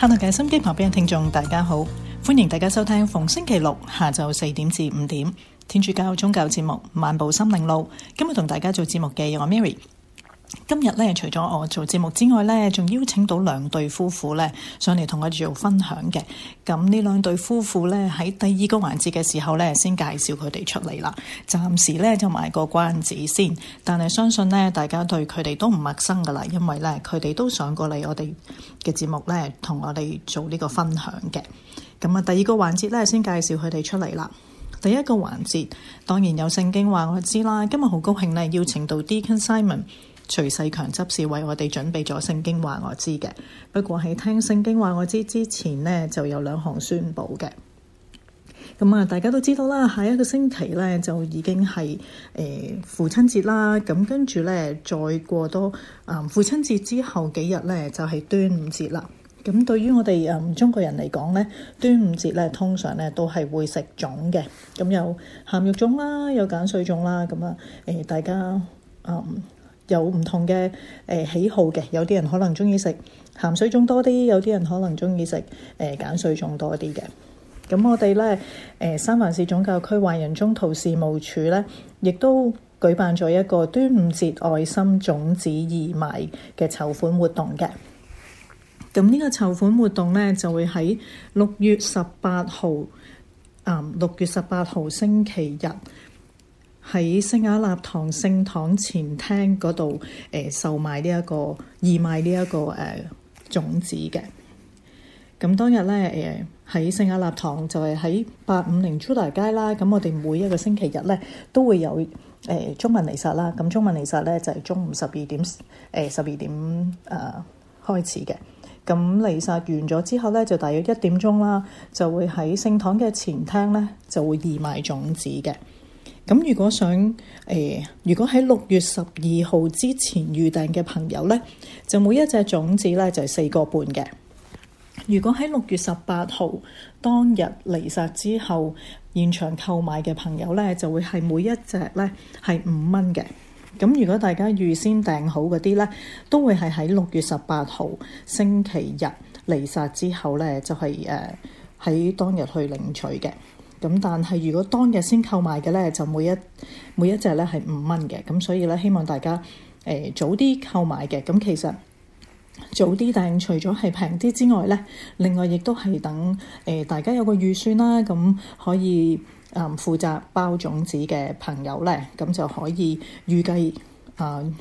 Hello，嘅心機旁邊嘅聽眾大家好，歡迎大家收聽逢星期六下午四點至五點天主教宗教節目《漫步心靈路》，今日同大家做節目嘅我 Mary。今日咧，除咗我做節目之外咧，仲邀請到兩對夫婦咧上嚟同我哋做分享嘅。咁呢兩對夫婦咧喺第二個環節嘅時候咧，先介紹佢哋出嚟啦。暫時咧就賣個關子先，但係相信咧大家對佢哋都唔陌生噶啦，因為咧佢哋都上過嚟我哋嘅節目咧，同我哋做呢個分享嘅。咁啊，第二個環節咧先介紹佢哋出嚟啦。第一個環節當然有聖經話我知啦，今日好高興咧，邀請到 D. c o n s i g n 徐世強執事為我哋準備咗《聖經話我知》嘅，不過喺聽聖經話我知之前呢，就有兩項宣布嘅。咁啊，大家都知道啦，下一個星期呢，就已經係誒、欸、父親節啦。咁跟住呢，再過多啊、嗯、父親節之後幾日呢，就係、是、端午節啦。咁對於我哋誒、嗯、中國人嚟講呢，端午節呢，通常呢，都係會食粽嘅。咁有鹹肉粽啦，有鹼水粽啦。咁啊，誒大家嗯。有唔同嘅誒、呃、喜好嘅，有啲人可能中意食鹹水粽多啲，有啲人可能、呃、鹹中意食誒鹼水粽多啲嘅。咁我哋咧誒三藩市總教區華人中圖事務處咧，亦都舉辦咗一個端午節愛心粽子義賣嘅籌款活動嘅。咁呢、嗯、個籌款活動咧，就會喺六月十八號，啊、嗯、六月十八號星期日。喺聖雅納堂聖堂前廳嗰度，誒、呃、售賣呢、這、一個義賣呢、這、一個誒、呃、種子嘅。咁當日咧，誒喺聖雅納堂就係喺八五零朱大街啦。咁我哋每一個星期日咧都會有誒、呃、中文彌撒啦。咁中文彌撒咧就係、是、中午十二點，誒十二點誒、呃、開始嘅。咁彌撒完咗之後咧，就大約一點鐘啦，就會喺聖堂嘅前廳咧就會義賣種子嘅。咁如果想誒、呃，如果喺六月十二號之前預訂嘅朋友呢，就每一隻糭呢就係四個半嘅。如果喺六月十八號當日離撒之後現場購買嘅朋友呢，就會係每一隻呢係五蚊嘅。咁如果大家預先訂好嗰啲呢，都會係喺六月十八號星期日離撒之後呢，就係誒喺當日去領取嘅。咁但係如果當日先購買嘅咧，就每一每一隻咧係五蚊嘅，咁所以咧希望大家誒、呃、早啲購買嘅。咁其實早啲訂除咗係平啲之外咧，另外亦都係等誒、呃、大家有個預算啦，咁可以嗯、呃、負責包粽子嘅朋友咧，咁就可以預計啊、呃、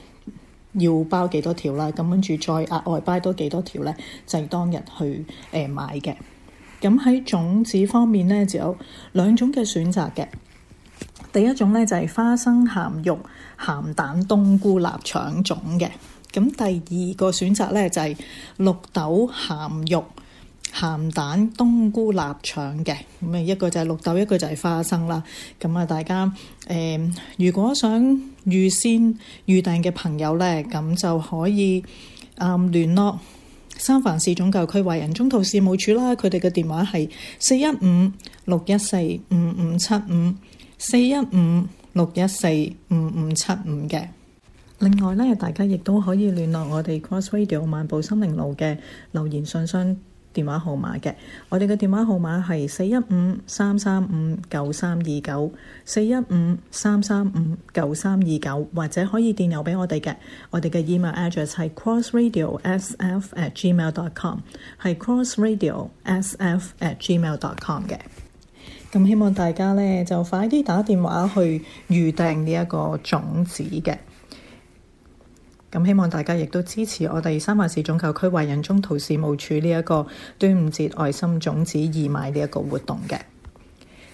要包幾多條啦，咁跟住再額外包多幾多條咧，就係、是、當日去誒、呃、買嘅。咁喺種子方面咧就有兩種嘅選擇嘅，第一種咧就係、是、花生鹹肉鹹蛋冬菇臘腸種嘅，咁第二個選擇咧就係、是、綠豆鹹肉鹹蛋冬菇臘腸嘅，咁啊一個就係綠豆，一個就係花生啦。咁啊大家誒、呃，如果想預先預訂嘅朋友咧，咁就可以暗、嗯、聯絡咯。三藩市總教區華人宗徒事務處啦，佢哋嘅電話係四一五六一四五五七五四一五六一四五五七五嘅。75，另外咧，大家亦都可以聯絡我哋 Cross Radio 漫步心靈路嘅留言信箱。電話號碼嘅，我哋嘅電話號碼係四一五三三五九三二九四一五三三五九三二九，29, 29，或者可以電郵畀我哋嘅，我哋嘅 email address 係 crossradio sf at gmail dot com，係 crossradio sf at gmail dot com 嘅。咁希望大家咧就快啲打電話去預訂呢一個種子嘅。咁希望大家亦都支持我哋三藩市總教區華人中途事務處呢一個端午節愛心種子義賣呢一個活動嘅。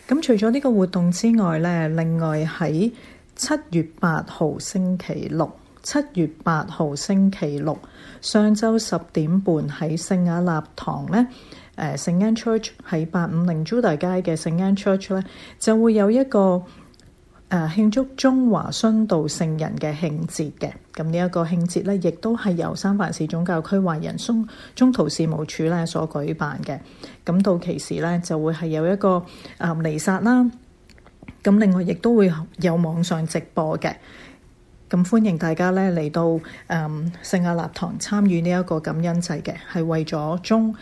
咁除咗呢個活動之外咧，另外喺七月八號星期六，七月八號星期六上晝十點半喺聖亞納堂咧，誒聖安 Church 喺八五零珠大街嘅聖安 Church 咧，就會有一個。誒、uh, 慶祝中華殉道聖人嘅慶節嘅，咁呢一個慶節呢，亦都係由三藩市總教區華人宗徒事務處呢所舉辦嘅。咁到其時呢，就會係有一個誒彌撒啦。咁另外亦都會有網上直播嘅。咁歡迎大家呢嚟到誒、嗯、聖亞納堂參與呢一個感恩祭嘅，係為咗中呢、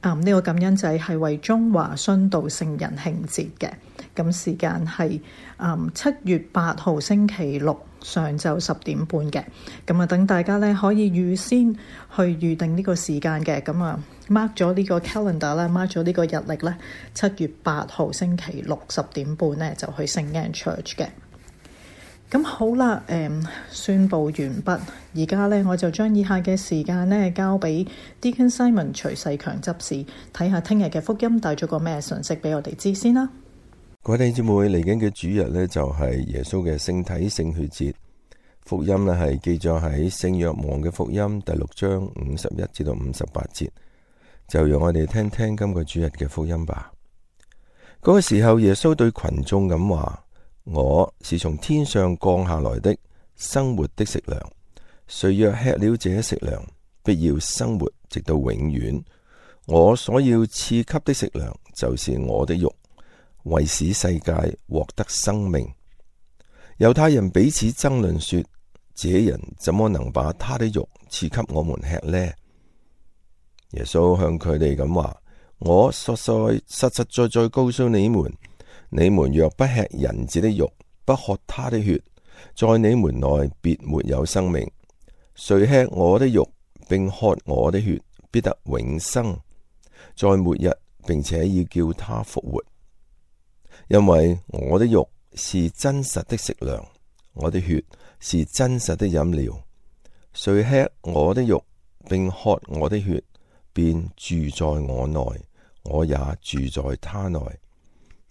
嗯這個感恩祭係為中華殉道聖人慶節嘅。咁時間係呃、七月八號星期六上晝十點半嘅。咁啊，等大家咧可以預先去預定呢個時間嘅。咁啊，mark 咗呢個 calendar 啦 mark 咗呢個日曆咧，七月八號星期六十點半咧就去聖經 church 嘅。咁好啦，誒、呃、宣佈完畢，而家咧我就將以下嘅時間咧交俾 Deacon Simon 徐世強執事睇下聽日嘅福音帶咗個咩信息俾我哋知先啦。各位弟兄姊妹嚟緊嘅主日呢，就係耶穌嘅聖體聖血節，福音呢係記載喺聖若望嘅福音第六章五十一至到五十八節，就讓我哋聽聽今個主日嘅福音吧。嗰個時候，耶穌對群眾咁話：我是從天上降下來的，生活的食糧，誰若吃了這食糧，必要生活直到永遠。我所要賜給的食糧，就是我的肉。為使世界獲得生命，猶太人彼此爭論說：這人怎麼能把他的肉賜給我們吃呢？耶穌向佢哋咁話：我說說實在實實在在告訴你們，你們若不吃人子的肉，不喝他的血，在你們內別沒有生命。誰吃我的肉，並喝我的血，必得永生，在末日，並且要叫他復活。因為我的肉是真實的食糧，我的血是真實的飲料。誰吃我的肉並喝我的血，便住在我內，我也住在他內。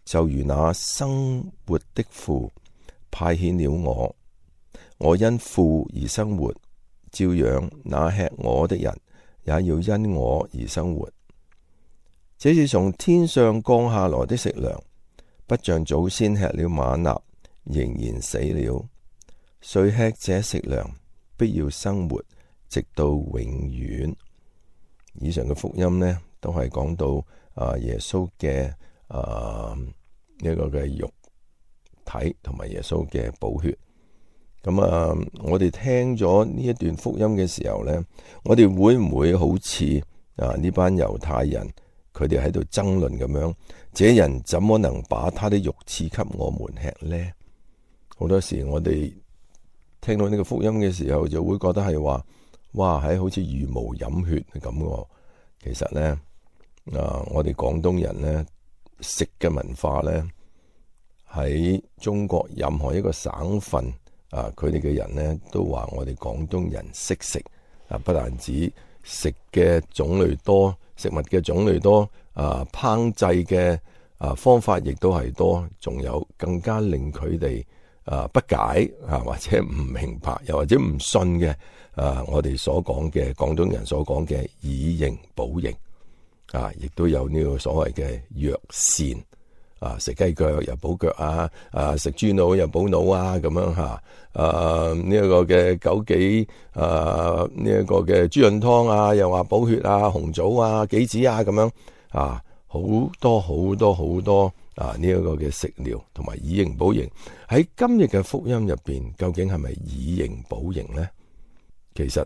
就如那生活的父派遣了我，我因父而生活，照樣那吃我的人也要因我而生活。這是從天上降下來的食糧。不像祖先吃了馬納仍然死了，誰吃者食糧，必要生活直到永遠。以上嘅福音呢，都係講到啊耶穌嘅啊一個嘅肉體，同埋耶穌嘅寶血。咁、嗯、啊、嗯，我哋聽咗呢一段福音嘅時候呢，我哋會唔會好似啊呢班猶太人佢哋喺度爭論咁樣？這人怎麼能把他的肉賜給我們吃呢？好多時我哋聽到呢個福音嘅時候，就會覺得係話，哇！喺好似茹毛飲血咁喎。其實呢，啊、呃，我哋廣東人呢，食嘅文化呢，喺中國任何一個省份啊，佢哋嘅人呢都話我哋廣東人識食啊、呃，不但止食嘅種類多，食物嘅種類多，啊、呃，烹製嘅啊，方法亦都係多，仲有更加令佢哋啊不解啊，或者唔明白，又或者唔信嘅啊，我哋所講嘅廣東人所講嘅以形補形啊，亦都有呢個所謂嘅藥膳啊，食雞腳又補腳啊，啊食豬腦又補腦啊，咁樣吓啊呢一個嘅枸杞啊呢一個嘅豬潤湯啊，又話補血啊，紅棗啊杞子啊咁樣啊。好多好多好多啊！呢一個嘅食料同埋以形補形，喺今日嘅福音入邊，究竟係咪以形補形呢？其實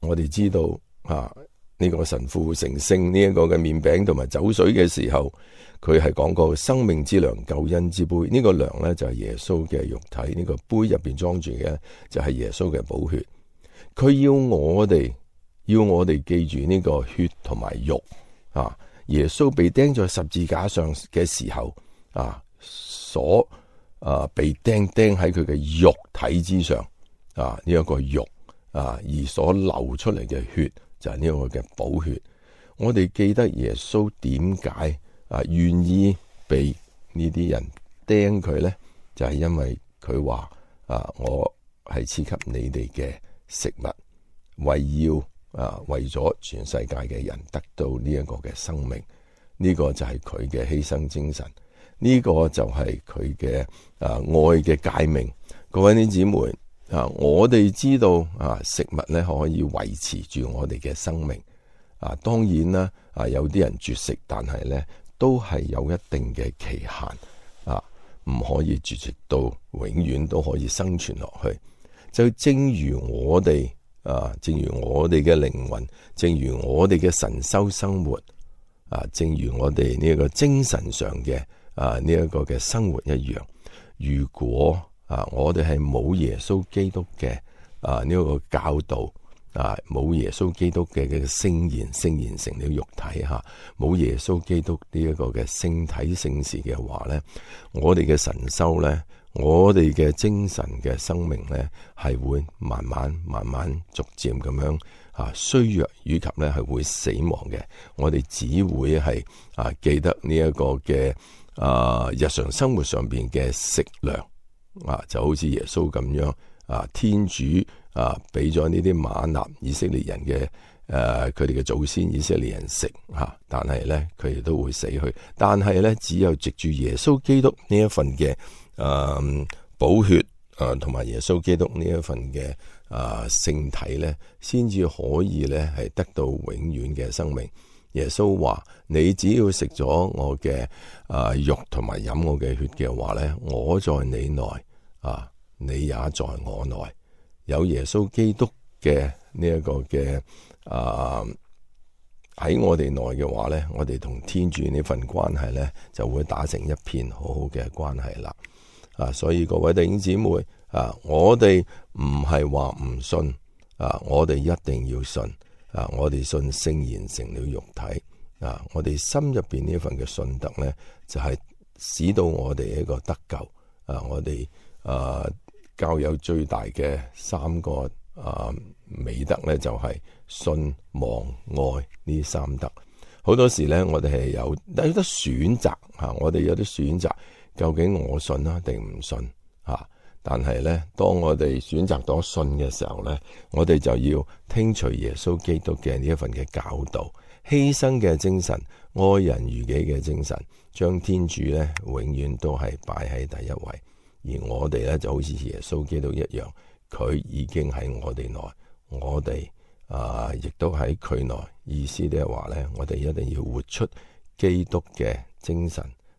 我哋知道啊，呢個神父成聖呢一個嘅麵餅同埋酒水嘅時候，佢係講過生命之糧、救恩之杯。呢個糧呢，就係耶穌嘅肉體，呢個杯入邊裝住嘅就係耶穌嘅寶血。佢要我哋，要我哋記住呢個血同埋肉啊！耶穌被釘在十字架上嘅時候，啊，所啊被釘釘喺佢嘅肉體之上，啊呢一、這個肉啊而所流出嚟嘅血就係、是、呢個嘅寶血。我哋記得耶穌點解啊願意被呢啲人釘佢咧？就係、是、因為佢話啊，我係賜給你哋嘅食物，為要。啊，為咗全世界嘅人得到呢一個嘅生命，呢個就係佢嘅犧牲精神，呢個就係佢嘅啊愛嘅誡命。各位呢姊妹啊，我哋知道啊，食物咧可以維持住我哋嘅生命啊，當然啦啊，有啲人絕食，但係咧都係有一定嘅期限啊，唔可以絕食到永遠都可以生存落去。就正如我哋。啊，正如我哋嘅靈魂，正如我哋嘅神修生活，啊，正如我哋呢一個精神上嘅，啊呢一、這個嘅生活一樣。如果啊，我哋係冇耶穌基督嘅，啊呢一、這個教導啊，冇耶穌基督嘅嘅聖言聖言成了肉體吓，冇、啊、耶穌基督呢一個嘅聖體聖事嘅話呢，我哋嘅神修呢。我哋嘅精神嘅生命呢，係會慢慢、慢慢、逐漸咁樣啊，衰弱以及呢係會死亡嘅。我哋只會係啊記得呢一個嘅啊日常生活上邊嘅食糧啊，就好似耶穌咁樣啊，天主啊俾咗呢啲馬納以色列人嘅誒，佢哋嘅祖先以色列人食吓、啊，但係呢，佢哋都會死去。但係呢，只有藉住耶穌基督呢一份嘅。誒，補、嗯、血誒，同、呃、埋耶穌基督呢一份嘅誒聖體呢，先至可以呢係得到永遠嘅生命。耶穌話：你只要食咗我嘅誒、呃、肉，同埋飲我嘅血嘅話，呢我在你內啊，你也在我內。有耶穌基督嘅呢一個嘅誒喺我哋內嘅話，呢我哋同天主呢份關係呢，就會打成一片，好好嘅關係啦。啊，所以各位弟兄姊妹，啊，我哋唔係話唔信，啊，我哋一定要信，啊，我哋信聖言成了肉體，啊，我哋心入邊呢份嘅信德呢，就係、是、使到我哋一個得救，啊，我哋啊教有最大嘅三個啊美德呢，就係、是、信望愛呢三德，好多時呢，我哋係有得啲選擇吓、啊，我哋有得選擇。究竟我信啊定唔信？啊，但係咧，當我哋選擇咗信嘅時候咧，我哋就要聽取耶穌基督嘅呢一份嘅教導，犧牲嘅精神，愛人如己嘅精神，將天主咧永遠都係擺喺第一位。而我哋咧就好似耶穌基督一樣，佢已經喺我哋內，我哋啊、呃、亦都喺佢內。意思即係話咧，我哋一定要活出基督嘅精神。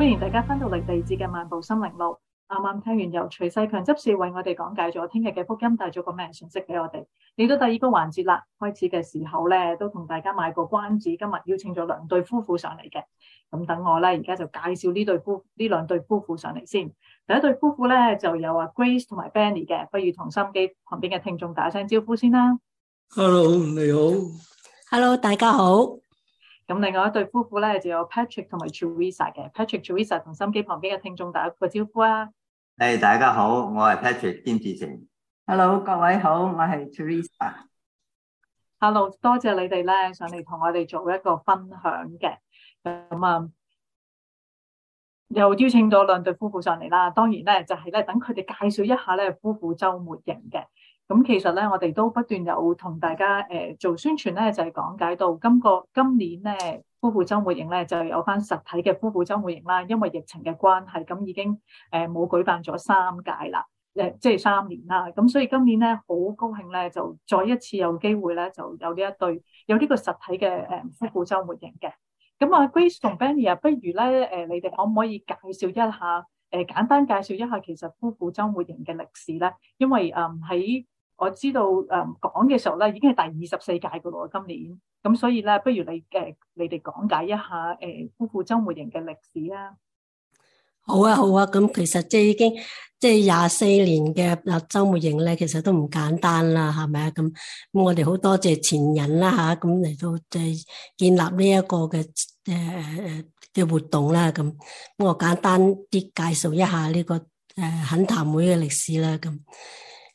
歡迎大家翻到嚟第二節嘅漫步心靈路。啱啱聽完由徐世強執事為我哋講解咗聽日嘅福音帶咗個咩信息俾我哋。嚟到第二個環節啦，開始嘅時候咧都同大家賣個關子，今日邀請咗兩對夫婦上嚟嘅。咁等我咧而家就介紹呢對夫呢兩對夫婦上嚟先。第一對夫婦咧就有啊 Grace 同埋 Benny 嘅，不如同心機旁邊嘅聽眾打聲招呼先啦。Hello，你好。Hello，大家好。咁另外一對夫婦咧，就有 Patrick 同埋 Teresa 嘅。Patrick、Teresa 同心機旁邊嘅聽眾打一個招呼啦、啊。誒，hey，大家好，我係 Patrick 兼主持人。Hello，各位好，我係 Teresa。Hello，多謝你哋咧上嚟同我哋做一個分享嘅。咁啊，又邀請咗兩對夫婦上嚟啦。當然咧，就係、是、咧等佢哋介紹一下咧夫婦週末營嘅。咁其實咧，我哋都不斷有同大家誒、呃、做宣傳咧，就係、是、講解到今個今年咧夫婦周末營咧，就係、是、有返實體嘅夫婦周末營啦。因為疫情嘅關係，咁已經誒冇、呃、舉辦咗三屆啦，誒、呃、即係三年啦。咁所以今年咧好高興咧，就再一次有機會咧，就有呢一對有呢個實體嘅誒夫婦周末營嘅。咁啊，Grace 同 Benny，啊不如咧誒、呃，你哋可唔可以介紹一下誒、呃、簡單介紹一下其實夫婦周末營嘅歷史咧？因為誒喺、呃我知道誒、嗯、講嘅時候咧，已經係第二十四屆噶咯喎，今年咁所以咧，不如你誒你哋講解一下誒夫婦周末營嘅歷史啦、啊。好啊好啊，咁其實即係已經即係廿四年嘅啊週末營咧，其實都唔簡單啦，係咪啊？咁咁我哋好多謝前人啦、啊、吓，咁、啊、嚟到即係建立呢一個嘅誒誒嘅活動啦、啊，咁我簡單啲介紹一下呢個誒懇談會嘅歷史啦、啊，咁。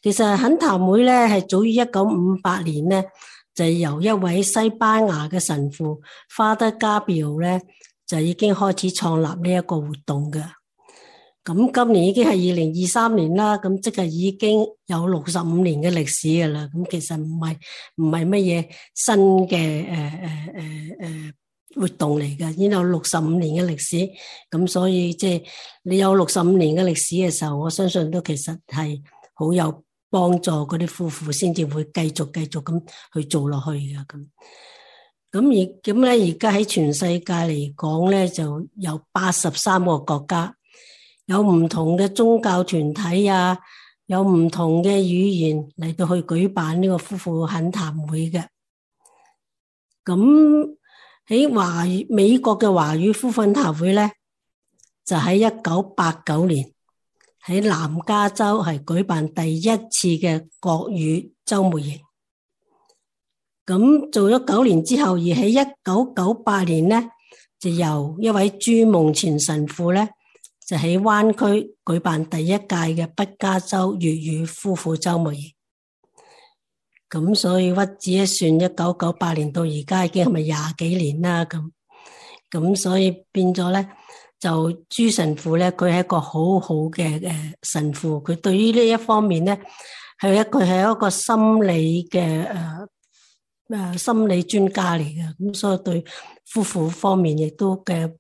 其實懇談會咧係早於一九五八年咧，就由一位西班牙嘅神父花德加比歐咧就已經開始創立呢一個活動嘅。咁今年已經係二零二三年啦，咁即係已經有六十五年嘅歷史噶啦。咁其實唔係唔係乜嘢新嘅誒誒誒誒活動嚟噶，已經有六十五年嘅歷史。咁所以即係你有六十五年嘅歷史嘅時候，我相信都其實係好有。幫助嗰啲夫婦，先至會繼續繼續咁去做落去嘅，咁。咁而咁咧，而家喺全世界嚟講咧，就有八十三個國家，有唔同嘅宗教團體啊，有唔同嘅語言嚟到去舉辦呢個夫婦懇談會嘅。咁喺華語美國嘅華語夫婦懇談會咧，就喺一九八九年，喺南加州係舉辦第一次嘅國語周末營，咁做咗九年之後，而喺一九九八年呢，就由一位朱夢前神父呢，就喺灣區舉辦第一屆嘅北加州粵語夫婦周末營，咁所以屈指一算，一九九八年到而家已經係咪廿幾年啦？咁咁所以變咗呢。就朱神父咧，佢係一個好好嘅誒神父，佢對於呢一方面咧，係一個係一個心理嘅誒誒心理專家嚟嘅，咁所以對夫婦方面亦都嘅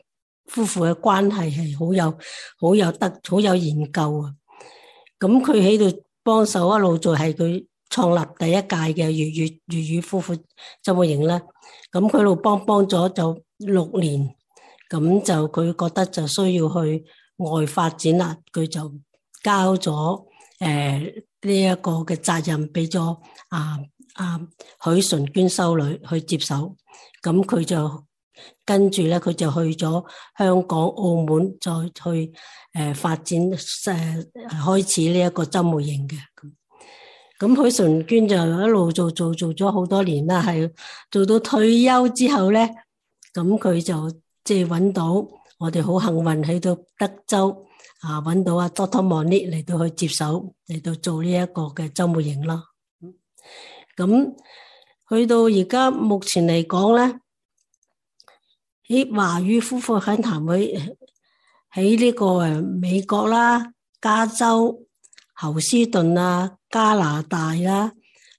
夫婦嘅關係係好有好有得好有研究啊。咁佢喺度幫手一路做，係佢創立第一屆嘅粵語粵語夫婦周會營啦。咁佢一路幫幫咗就六年。咁就佢覺得就需要去外發展啦，佢就交咗誒呢一個嘅責任俾咗啊啊許純娟修女去接手，咁佢就跟住咧，佢就去咗香港、澳門，再去誒、呃、發展誒、呃、開始呢一個周末營嘅。咁咁許純娟就一路做做做咗好多年啦，係做到退休之後咧，咁佢就。即係揾到，我哋好幸運喺到德州啊揾到阿 Doctor Monique 嚟到去接手嚟到做呢一個嘅周末營啦。咁去到而家目前嚟講咧，喺華語夫婦喺談會喺呢個誒美國啦、加州、休斯頓啊、加拿大啦、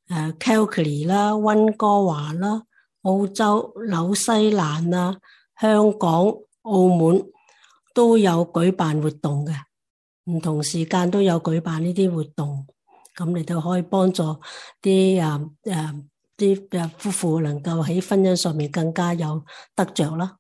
誒 Calgary 啦、溫哥華啦、澳洲、紐西蘭啊。香港、澳門都有舉辦活動嘅，唔同時間都有舉辦呢啲活動，咁你都可以幫助啲啊啊啲啊夫婦能夠喺婚姻上面更加有得着啦。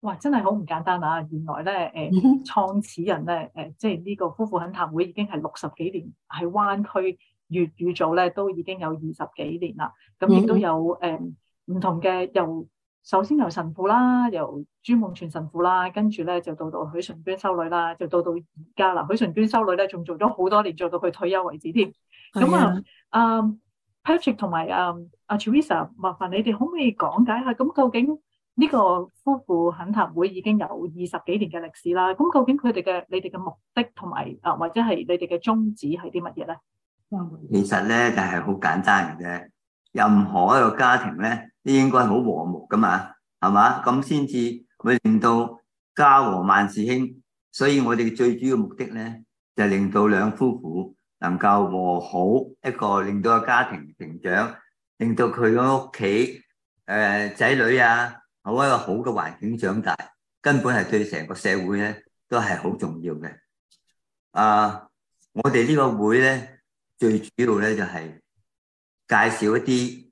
哇！真係好唔簡單啊！原來咧，誒、嗯、哼創始人咧，誒即係呢個夫婦懇談會已經係六十幾年喺灣區粵語組咧都已經有二十幾年啦，咁亦都有誒唔同嘅又。嗯首先由神父啦，由朱夢全神父啦，跟住咧就到到許純娟修女啦，就到到而家啦。許純娟修女咧仲做咗好多年，做到佢退休為止添。咁啊的，阿、uh, Patrick 同埋啊、uh, 阿 Teresa 麻煩你哋可唔可以講解下？咁究竟呢個夫婦懇談會已經有二十幾年嘅歷史啦。咁究竟佢哋嘅你哋嘅目的同埋啊，或者係你哋嘅宗旨係啲乜嘢咧？其實咧就係、是、好簡單嘅啫。任何一個家庭咧。呢應該好和睦噶嘛，係嘛？咁先至會令到家和萬事興，所以我哋最主要的目的咧，就係，令到兩夫婦能夠和好，一個令到個家庭成長，令到佢個屋企誒仔女啊，好一個好嘅環境長大，根本係對成個社會咧都係好重要嘅。啊、呃，我哋呢個會咧最主要咧就係介紹一啲。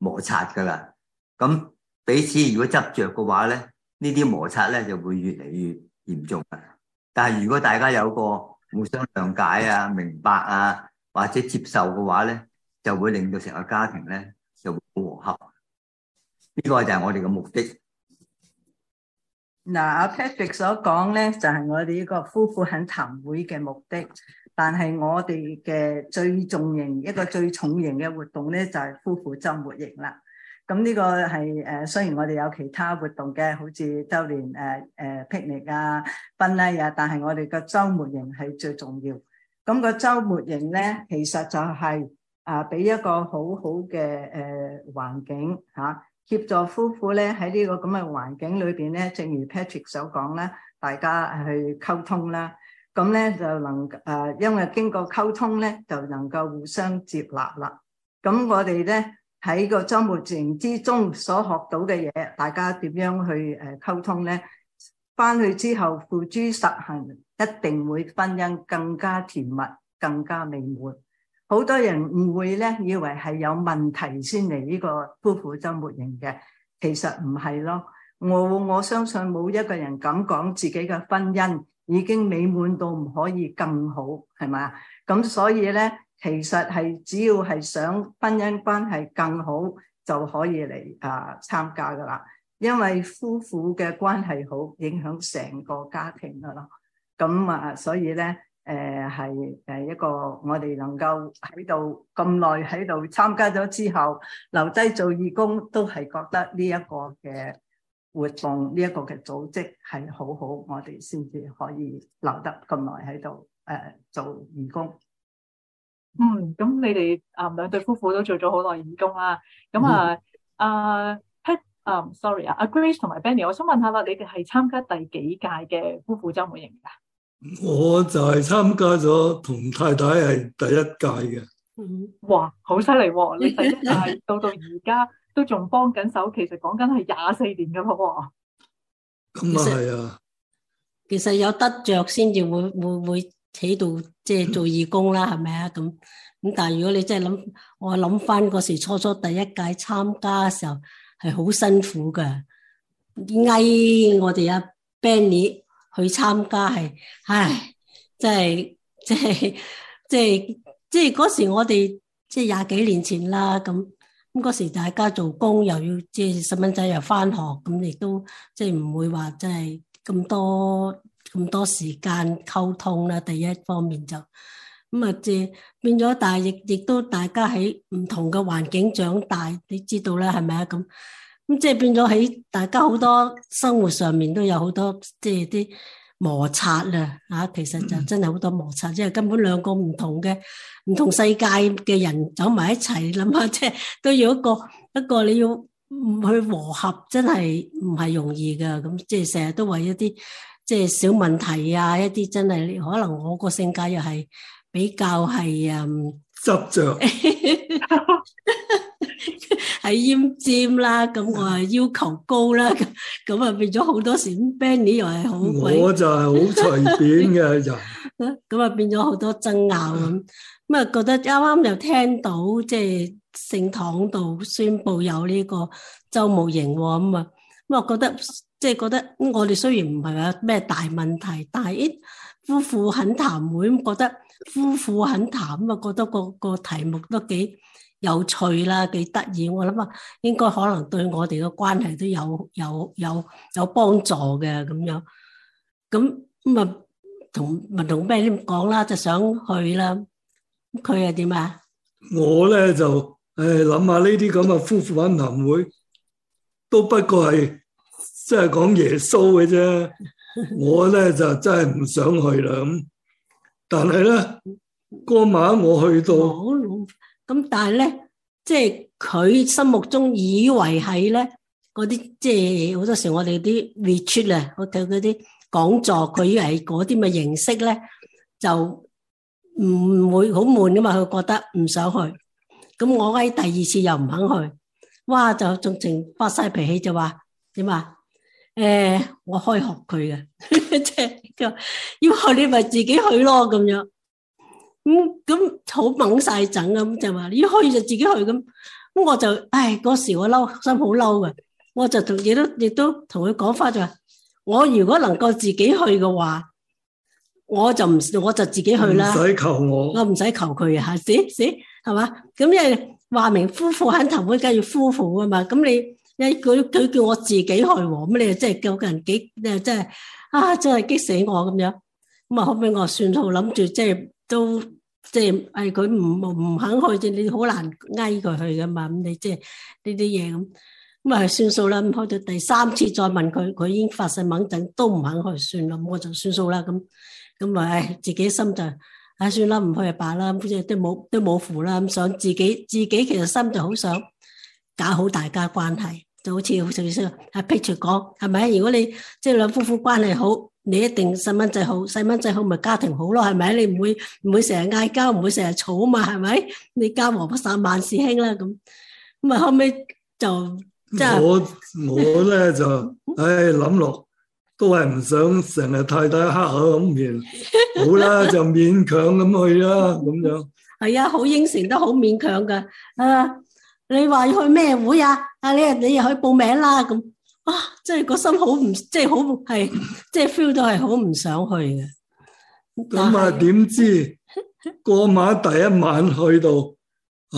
摩擦噶啦，咁彼此如果執着嘅話咧，呢啲摩擦咧就會越嚟越嚴重啊！但係如果大家有個互相諒解啊、明白啊或者接受嘅話咧，就會令到成個家庭咧就會好和洽。呢、這個就係我哋嘅目的。嗱，阿 Patrick 所講咧，就係我哋呢個夫婦懇談會嘅目的。但係我哋嘅最重型一個最重型嘅活動咧，就係夫婦週末營啦。咁呢個係誒，雖然我哋有其他活動嘅，好似週年誒誒 picnic 啊、婚啊，但係我哋個週末營係最重要。咁個週末營咧，其實就係啊，俾一個好好嘅誒環境嚇，協助夫婦咧喺呢個咁嘅環境裏邊咧，正如 Patrick 所講啦，大家去溝通啦。咁咧就能誒、呃，因為經過溝通咧，就能夠互相接納啦。咁、嗯、我哋咧喺個周末營之中所學到嘅嘢，大家點樣去誒、呃、溝通咧？返去之後付諸實行，一定會婚姻更加甜蜜，更加美滿。好多人誤會咧，以為係有問題先嚟呢個夫婦周末營嘅，其實唔係咯。我我相信冇一個人敢講自己嘅婚姻，已經美滿到唔可以更好，係咪？咁所以咧，其實係只要係想婚姻關係更好，就可以嚟啊參加噶啦。因為夫婦嘅關係好，影響成個家庭噶囉。咁啊，所以咧，誒係誒一個我哋能夠喺度咁耐喺度參加咗之後，留低做義工都係覺得呢一個嘅。活動呢一個嘅組織係好好，我哋先至可以留得咁耐喺度誒做義工。嗯，咁你哋啊兩對夫婦都做咗好耐義工啦。咁啊啊 Pat，sorry 啊，Grace 同埋 Benny，我想問下啦，你哋係參加第幾屆嘅夫婦周末營噶我就係參加咗同太太係第一屆嘅。嗯，哇，好犀利喎！你第一屆到到而家。 都仲幫緊手，其實講緊係廿四年噶啦喎。咁啊係啊，其實有得着先至會會會喺度即係做義工啦，係咪啊？咁咁但係如果你真係諗，我諗翻嗰時初初第一屆參加嘅時候，係好辛苦噶。嗌我哋阿 Benny 去參加係，唉，真係即係即係即係嗰時我哋即係廿幾年前啦咁。咁嗰時大家做工又要，即係細蚊仔又翻學，咁亦都即係唔會話即係咁多咁多時間溝通啦。第一方面就咁啊，即係變咗，大，亦亦都大家喺唔同嘅環境長大，你知道啦，係咪啊？咁咁即係變咗喺大家好多生活上面都有好多即係啲。就是摩擦啦，啊，其實就真係好多摩擦，嗯、即係根本兩個唔同嘅唔同世界嘅人走埋一齊，諗下即係都要一個一個你要去和合，真係唔係容易噶，咁、嗯、即係成日都為一啲即係小問題啊，一啲真係可能我個性格又係比較係嗯執着。著 喺尖尖啦，咁我係要求高啦，咁咁啊變咗好多事。Benny 又係好貴，我就係好隨便嘅人。咁啊變咗好多爭拗咁，咁啊覺得啱啱又聽到即係聖堂度宣布有呢個周慕瑩喎，咁啊咁啊覺得即係覺得我哋雖然唔係話咩大問題，但係夫婦懇談會咁覺得夫婦懇談咁啊覺得個個題目都幾。有趣啦，幾得意，我諗啊，應該可能對我哋嘅關係都有有有有幫助嘅咁樣。咁咁啊，同咪同咩點講啦？就想去啦。佢又點啊？我咧就誒諗下呢啲咁嘅夫婦懇談會，都不過係即係講耶穌嘅啫。我咧就真係唔想去啦咁。但係咧，個晚我去到。 咁但係咧，即係佢心目中以為係咧，嗰啲即係好多時我哋啲 retreat 啊，我哋啲講座，佢係嗰啲咪形式咧，就唔會好悶噶嘛，佢覺得唔想去。咁我喺第二次又唔肯去，哇！就仲情發晒脾氣就話點啊？誒，我開學佢嘅，即係要去你咪自己去咯咁樣。咁咁好掹晒陣咁就話，是，你要去就自己去咁。咁我就唉，嗰、哎、時我嬲心好嬲噶，我就同亦都亦都同佢講翻就話，我如果能夠自己去嘅話，我就唔我就自己去啦。唔使求我，我唔使求佢啊！死死係嘛？咁因為話明夫婦肯頭會，梗要夫婦啊嘛。咁你佢佢叫我自己去喎，咁你真係叫人幾你真係啊，真係激死我咁樣。咁啊，後尾我算數諗住即係。都即係佢唔唔肯去啫，你好難挨佢去噶嘛。咁你即係呢啲嘢咁，咁咪算數啦。咁開到第三次再問佢，佢已經發晒猛陣，都唔肯去，算啦。我就算數啦。咁咁咪自己心就唉算啦，唔去就罷啦。即係都冇都冇符啦。咁想自己自己其實心就好想搞好大家關係。就好似好似阿 Peter 講，係咪啊？如果你即係兩夫婦關係好，你一定細蚊仔好，細蚊仔好咪家庭好咯，係咪？你唔會唔會成日嗌交，唔會成日嘈啊嘛，係咪？你家和不散萬事興啦，咁咁啊，後尾就即係我我咧就，唉諗落都係唔想成日太太黑口咁面，好啦就勉強咁去啦咁樣。係啊，好應承都好勉強噶啊！你話要去咩會啊？啊，你你又可以報名啦咁啊！即係個心好唔，即係好係，即係 feel 到係好唔想去嘅。咁啊，點知過晚第一晚去到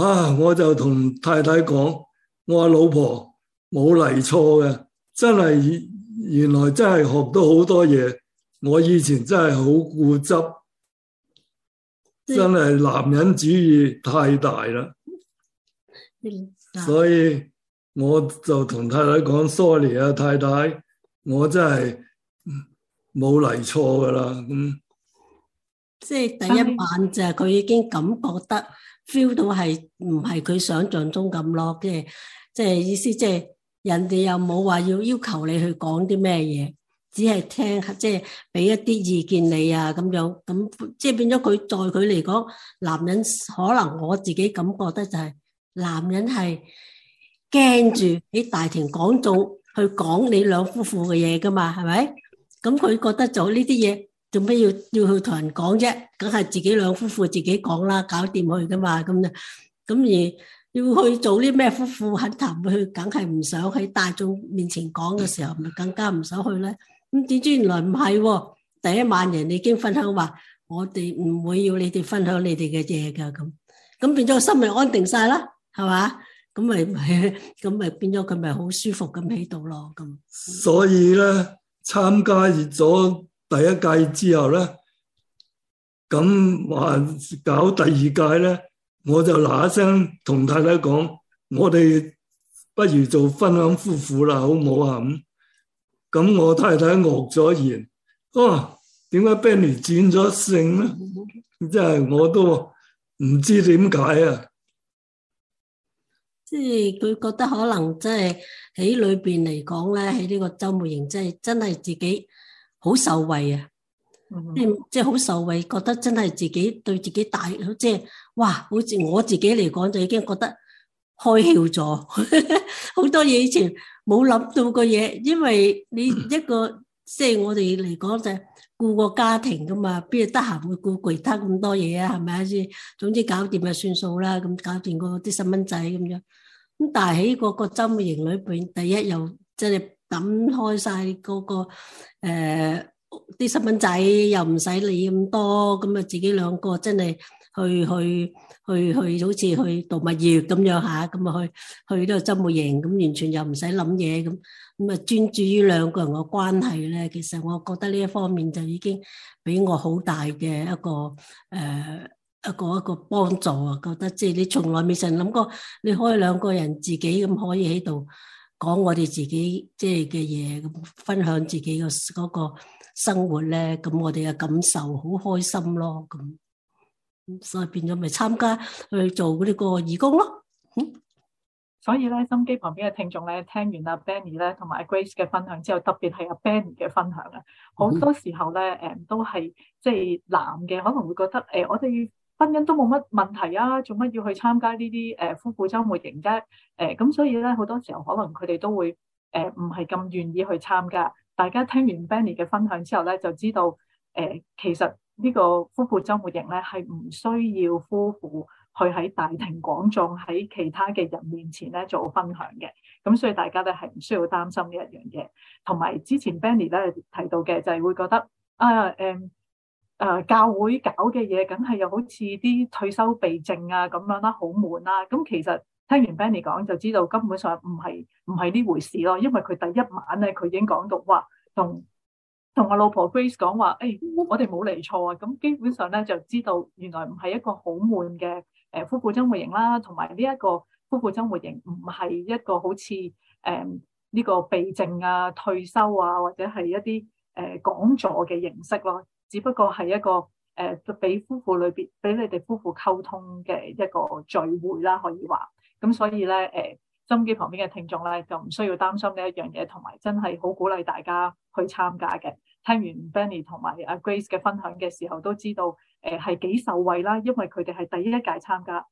啊，我就同太太講，我話老婆冇嚟錯嘅，真係原來真係學到好多嘢。我以前真係好固執，真係男人主義太大啦。所以我就同太太講 sorry 啊，太太，我真係冇嚟錯噶啦。咁即係第一晚就係佢已經感覺得 feel 到係唔係佢想象中咁落嘅，即係意思即係人哋又冇話要要求你去講啲咩嘢，只係聽即係俾一啲意見你啊。咁樣咁即係變咗佢在佢嚟講，男人可能我自己感覺得就係、是。男人係驚住喺大庭廣眾去講你兩夫婦嘅嘢噶嘛，係咪？咁佢覺得做呢啲嘢，做咩要要去同人講啫？梗係自己兩夫婦自己講啦，搞掂去噶嘛？咁就咁而要去做啲咩夫婦肯談去，梗係唔想喺大眾面前講嘅時候，咪更加唔想去咧？咁點知原來唔係，第一晚人哋已經分享話，我哋唔會要你哋分享你哋嘅嘢噶咁，咁變咗心靈安定晒啦。係嘛？咁咪咁咪變咗佢咪好舒服咁喺度咯咁。所以咧，參加咗第一屆之後咧，咁話搞第二屆咧，我就嗱一聲同太太講：我哋不如做分享夫婦啦，好唔好啊？咁咁我太太愕咗然：哦、啊，點解 Benny 轉咗性咧？即係 我都唔知點解啊！即係佢覺得可能即係喺裏邊嚟講咧，喺呢個周末營即係真係自己好受惠啊！即係好受惠，覺得真係自己對自己大，即係哇！好似我自己嚟講就已經覺得開竅咗，好 多嘢以前冇諗到個嘢，因為你一個即係、mm hmm. 我哋嚟講就顧個家庭噶嘛，邊度得閒會顧其他咁多嘢啊？係咪先？總之搞掂就算數啦，咁搞掂個啲細蚊仔咁樣。咁但係喺嗰個週末營裏邊，第一又即係抌開晒嗰、那個啲細蚊仔，又唔使理咁多，咁啊自己兩個真係去去去去，去好似去做物業咁樣嚇，咁啊去去到個週末營，咁完全又唔使諗嘢，咁咁啊專注於兩個人嘅關係咧。其實我覺得呢一方面就已經俾我好大嘅一個誒。呃一個一個幫助啊，覺得即係你從來未曾諗過，你可以兩個人自己咁可以喺度講我哋自己即係嘅嘢，咁分享自己個嗰個生活咧，咁我哋嘅感受好開心咯，咁，所以變咗咪參加去做呢個義工咯。嗯，所以咧心機旁邊嘅聽眾咧，聽完阿 Benny 咧同埋 Grace 嘅分享之後，特別係阿 Benny 嘅分享啊，好多時候咧，誒都係即係男嘅可能會覺得誒我哋。婚姻都冇乜問題啊，做乜要去參加呢啲誒夫婦週末營啫？誒、呃、咁所以咧，好多時候可能佢哋都會誒唔係咁願意去參加。大家聽完 Benny 嘅分享之後咧，就知道誒、呃、其實呢個夫婦週末營咧，係唔需要夫婦去喺大庭廣眾喺其他嘅人面前咧做分享嘅。咁所以大家咧係唔需要擔心呢一樣嘢。同埋之前 Benny 咧提到嘅就係會覺得啊誒。嗯誒教會搞嘅嘢，梗係又好似啲退休避靜啊咁樣啦，好悶啦，啊。咁其實聽完 Benny 講就知道，根本上唔係唔係呢回事咯。因為佢第一晚咧，佢已經講到話同同我老婆 Grace 講話，誒、哎、我哋冇嚟錯啊。咁、嗯、基本上咧就知道，原來唔係一,一個好悶嘅誒夫婦生活型啦，同埋呢一個夫婦生活型唔係一個好似誒呢個避靜啊、退休啊，或者係一啲誒、呃、講座嘅形式咯。只不過係一個誒，俾、呃、夫婦裏邊，俾你哋夫婦溝通嘅一個聚會啦，可以話。咁所以咧，誒、呃，收音機旁邊嘅聽眾咧，就唔需要擔心呢一樣嘢，同埋真係好鼓勵大家去參加嘅。聽完 Benny 同埋阿 Grace 嘅分享嘅時候，都知道誒係、呃、幾受惠啦，因為佢哋係第一屆參加。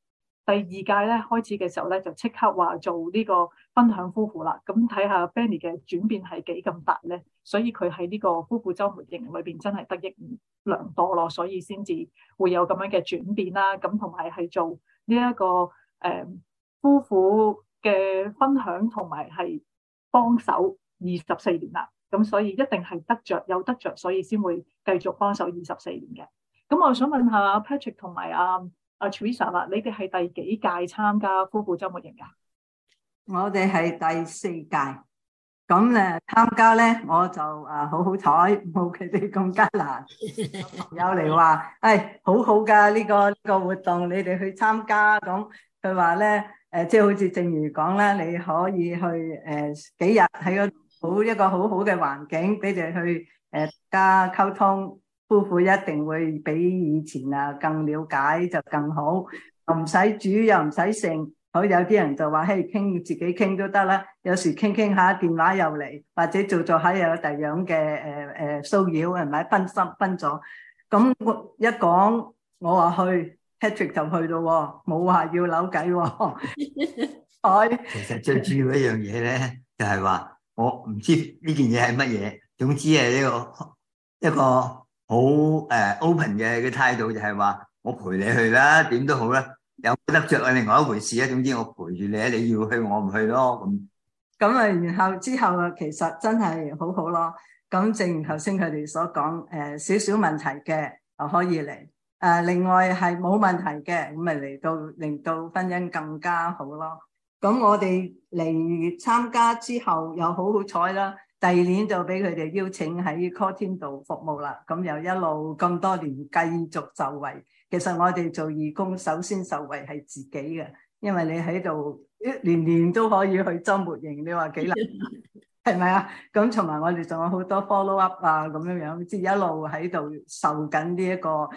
第二屆咧開始嘅時候咧，就即刻話做呢個分享夫婦啦。咁、嗯、睇下 Benny 嘅轉變係幾咁大咧，所以佢喺呢個夫婦周末營裏邊真係得益良多咯。所以先至會有咁樣嘅轉變啦。咁同埋係做呢、這、一個誒、嗯、夫婦嘅分享，同埋係幫手二十四年啦。咁、嗯、所以一定係得着有得着，所以先會繼續幫手二十四年嘅。咁、嗯、我想問下 Patrick 同埋、啊、阿。阿 Teresa 啦，你哋係第幾屆參加夫婦周末營啊？我哋係第四屆，咁咧參加咧我就啊好好彩，冇佢哋咁艱難。有嚟話，誒好好，噶，呢個呢個活動，你哋去參加，咁佢話咧，誒即係好似正如講啦，你可以去誒幾日喺嗰度，好一個好好嘅環境，俾你哋去誒加溝通。夫婦一定會比以前啊更瞭解就更好，又唔使煮又唔使剩，好，有啲人就話嘿，傾自己傾都得啦，有時傾傾下電話又嚟，或者做做下又有第樣嘅誒誒騷擾係咪分心分咗？咁一講我話去 Patrick 就去咯，冇話要扭計喎。我其實最主要一樣嘢咧，就係話我唔知呢件嘢係乜嘢，總之係呢個一個。好誒 open 嘅嘅態度就係話，我陪你去啦，點都好啦，有得着係，另外一回事啊。總之我陪住你啊，你要去我唔去咯咁。咁啊，然後之後啊，其實真係好好咯。咁正如頭先佢哋所講，誒少少問題嘅我可以嚟。誒、呃、另外係冇問題嘅，咁咪嚟到令到婚姻更加好咯。咁我哋嚟參加之後又好好彩啦。第二年就俾佢哋邀請喺 Co-Tin 度服務啦，咁又一路咁多年繼續受惠。其實我哋做義工，首先受惠係自己嘅，因為你喺度年年都可以去周末營，你話幾難係咪 啊？咁同埋我哋仲有好多 Follow-Up 啊，咁樣樣即係一路喺度受緊呢一個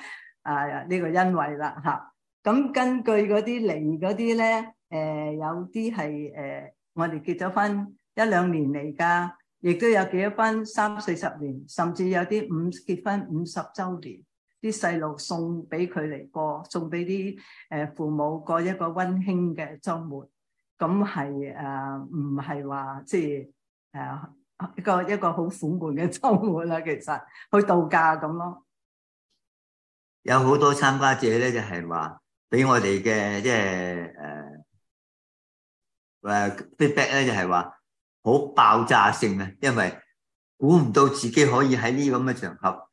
啊呢個恩惠啦嚇。咁根據嗰啲嚟嗰啲咧，誒、呃、有啲係誒我哋結咗婚一兩年嚟㗎。亦都有幾多婚三四十年，甚至有啲五結婚五十周年，啲細路送俾佢嚟過，送俾啲誒父母過一個溫馨嘅周末。咁係誒，唔係話即係誒一個一個好苦悶嘅周末啦。其實去度假咁咯。有好多參加者咧，就係話俾我哋嘅即係誒誒 feedback 咧，呃、就係話。好爆炸性啊！因為估唔到自己可以喺呢咁嘅場合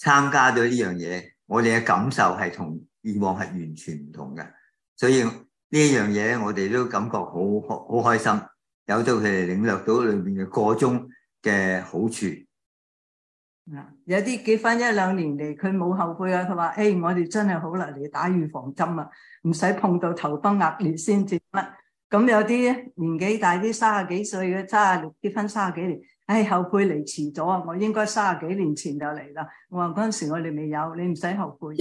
參加到呢樣嘢，我哋嘅感受係同以往係完全唔同嘅，所以呢一樣嘢我哋都感覺好好開心，有到佢哋領略到裏面嘅個中嘅好處。有啲結婚一兩年嚟，佢冇後悔啊，佢話，誒、hey，我哋真係好啦，嚟打預防針啊，唔使碰到頭崩額裂先至乜。咁、嗯、有啲年紀大啲，三十幾歲嘅，三十六結婚三十幾年，唉、哎、後悔嚟遲咗啊！我應該三十幾年前就嚟啦。我話嗰陣時我哋未有，你唔使後悔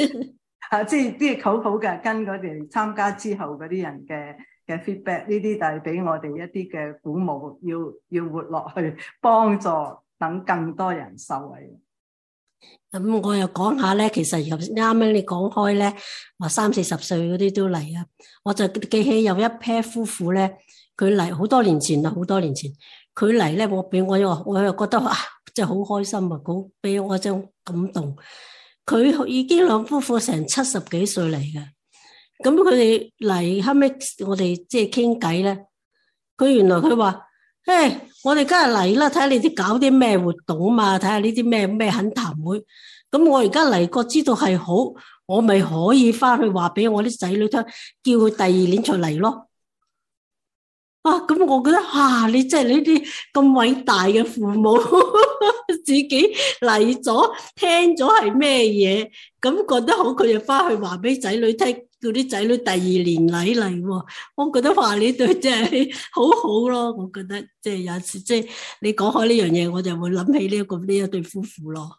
嚇。即係啲好好嘅，跟佢哋參加之後嗰啲人嘅嘅 feedback，呢啲就係俾我哋一啲嘅鼓舞，要要活落去，幫助等更多人受惠。咁、嗯、我又講下咧，其實啱啱你講開咧，話三四十歲嗰啲都嚟啊！我就記起有一 pair 夫婦咧，佢嚟好多年前啦，好多年前佢嚟咧，我俾我我又覺得哇，即係好開心啊，好俾我一張感動。佢已經兩夫婦成七十幾歲嚟嘅，咁佢哋嚟後尾我哋即係傾偈咧，佢原來佢話，嘿。我哋今日嚟啦，睇下你哋搞啲咩活動啊嘛，睇下呢啲咩咩懇談會，咁我而家嚟過知道係好，我咪可以翻去話俾我啲仔女聽，叫佢第二年再嚟咯。咁、啊、我覺得吓，你真係呢啲咁偉大嘅父母，呵呵自己嚟咗聽咗係咩嘢，咁覺得好，佢就翻去話俾仔女聽，叫啲仔女第二年嚟嚟喎。我覺得話呢對真係好好咯，我覺得即係有時即係你講開呢樣嘢，我就會諗起呢個呢一對夫婦咯。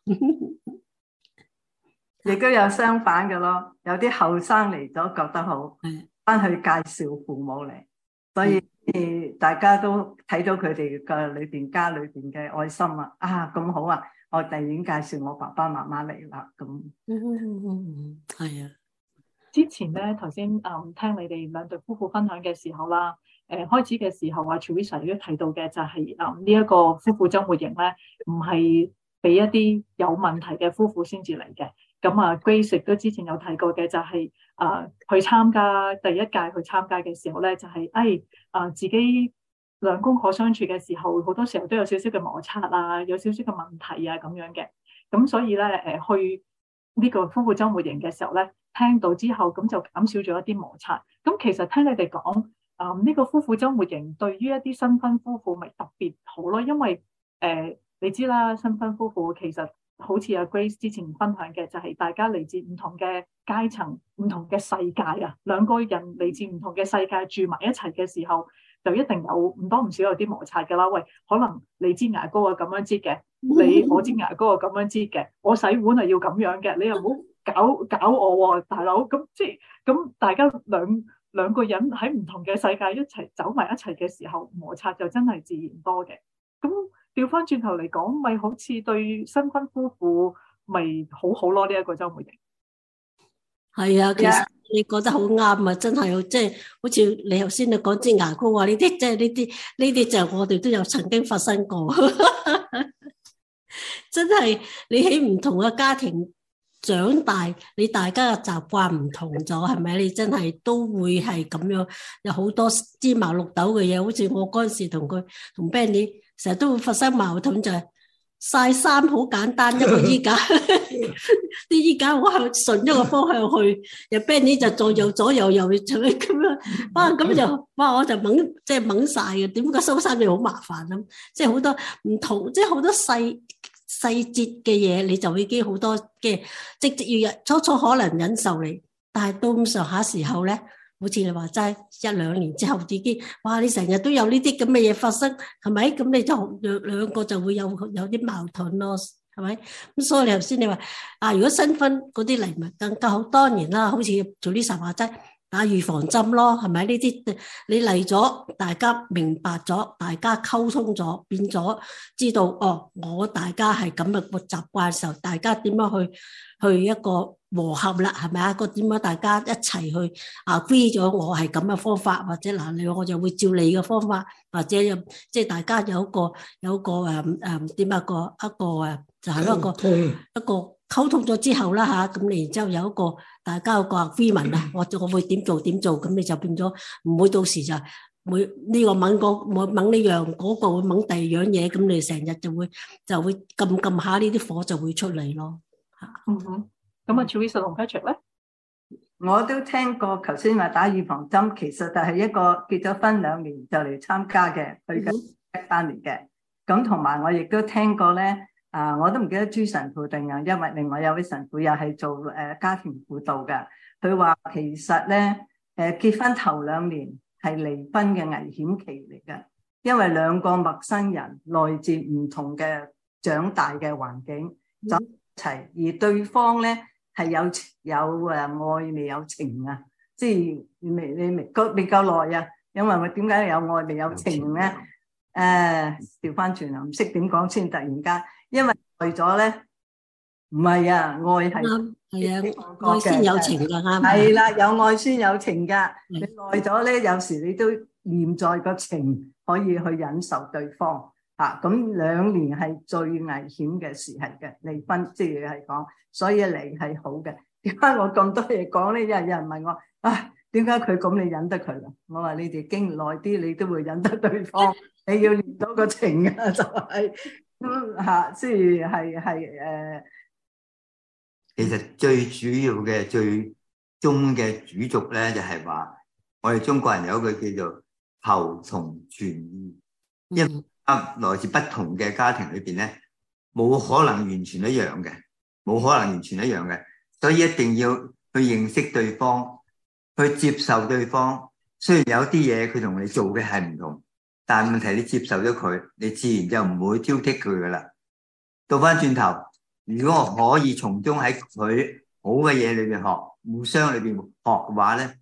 亦都有相反嘅咯，有啲後生嚟咗覺得好，翻去介紹父母嚟。所以，誒，大家都睇到佢哋嘅裏邊，家裏邊嘅愛心啊！啊，咁好啊！我突然間介紹我爸爸媽媽嚟啦。咁，係啊、嗯。嗯嗯嗯、之前咧，頭先誒聽你哋兩對夫婦分享嘅時候啦，誒、呃、開始嘅時候、啊，話 Teresa 都提到嘅就係誒呢一個夫婦週活營咧，唔係俾一啲有問題嘅夫婦先至嚟嘅。咁、嗯、啊，Grace 都之前有提過嘅就係、是。啊、呃，去參加第一屆去參加嘅時候咧，就係誒啊自己兩公婆相處嘅時候，好多時候都有少少嘅摩擦啊，有少少嘅問題啊咁樣嘅。咁所以咧誒、呃、去呢個夫婦周末營嘅時候咧，聽到之後咁就減少咗一啲摩擦。咁其實聽你哋講啊，呢、呃呢個夫婦周末營對於一啲新婚夫婦咪特別好咯，因為誒、呃、你知啦，新婚夫婦其實～好似阿 Grace 之前分享嘅，就係、是、大家嚟自唔同嘅階層、唔同嘅世界啊。兩個人嚟自唔同嘅世界住埋一齊嘅時候，就一定有唔多唔少有啲摩擦嘅啦。喂，可能你擠牙膏啊咁樣擠嘅，你我擠牙膏啊咁樣擠嘅，我洗碗係要咁樣嘅，你又唔好搞搞我喎、啊，大佬。咁即係咁，大家兩兩個人喺唔同嘅世界一齊走埋一齊嘅時候，摩擦就真係自然多嘅。咁。調翻轉頭嚟講，咪好似對新婚夫婦咪好好咯？呢一個周美婷，係啊，其實你覺得好啱啊，真係，即係好似你頭先你講支牙膏啊，呢啲即係呢啲呢啲就我哋都有曾經發生過，真係你喺唔同嘅家庭長大，你大家嘅習慣唔同咗，係咪？你真係都會係咁樣，有好多芝麻綠豆嘅嘢，好似我嗰陣時同佢同 Benny。成日都會發生矛盾，就是，就係晒衫好簡單一個衣架，啲 衣架我係順，順一個方向去，又 Benny 就左右左右又咁樣，樣哇咁就哇我就掹即係掹曬嘅，點、就、解、是、收衫又好麻煩咁，即係好多唔同，即係好多細細節嘅嘢，你就已經好多嘅，即接要日初初可能忍受你，但係到咁上下時候咧。好似你話齋一兩年之後自己，哇！你成日都有呢啲咁嘅嘢發生，係咪？咁你就兩兩個就會有有啲矛盾咯，係咪？咁所以你頭先你話啊，如果新婚嗰啲嚟，咪更加好當然啦。好似做呢實話齋打預防針咯，係咪？呢啲你嚟咗，大家明白咗，大家溝通咗，變咗知道哦。我大家係咁嘅習慣嘅時候，大家點樣去去一個？和合啦，係咪啊？個點樣大家一齊去啊 agree 咗我係咁嘅方法，或者嗱你，我就會照你嘅方法，或者又即係大家有一個有一個誒誒點啊個一個誒就係咯個一個溝、就是嗯嗯、通咗之後啦吓，咁、啊、你然之後有一個大家有個氛圍啊，我我會點做點做，咁你就變咗唔會到時就每呢、這個掹個掹呢樣，嗰、那個會掹第二樣嘢，咁你成日就會就會撳撳下呢啲火就會出嚟咯，吓、啊。嗯咁啊 Teresa 同 Patrick 咧，我都聽過。頭先話打預防針，其實就係一個結咗婚兩年就嚟參加嘅，佢嘅一八年嘅。咁同埋我亦都聽過咧，啊，我都唔記得朱神父定啊，因為另外有位神父又係做誒家庭輔導嘅，佢話其實咧，誒結婚頭兩年係離婚嘅危險期嚟嘅，因為兩個陌生人來自唔同嘅長大嘅環境，揼齊、mm hmm. 而對方咧。係有有誒愛未有情啊！即係未你未夠未夠耐啊！因為我點解有愛未有情咧？誒調翻轉啊！唔識點講先，突然間，因為耐咗咧，唔係啊！愛係啱，係啊，愛先有情啦，啱。係啦，有愛先有情噶。你耐咗咧，有時你都念在個情，可以去忍受對方。嚇！咁、啊、兩年係最危險嘅時係嘅離婚，即係講，所以離係好嘅。點解我咁多嘢講咧？因為有人問我：，啊，點解佢咁你忍得佢啦？我話你哋經耐啲，你都會忍得對方。你要練到個情啊，就係咁吓，即係係係誒。呃、其實最主要嘅最終嘅主軸咧，就係、是、話我哋中國人有一句叫做求同存異，啊！來自不同嘅家庭裏邊咧，冇可能完全一樣嘅，冇可能完全一樣嘅，所以一定要去認識對方，去接受對方。雖然有啲嘢佢同你做嘅係唔同，但係問題你接受咗佢，你自然就唔會挑剔佢噶啦。倒翻轉頭，如果我可以從中喺佢好嘅嘢裏邊學，互相裏邊學嘅話咧，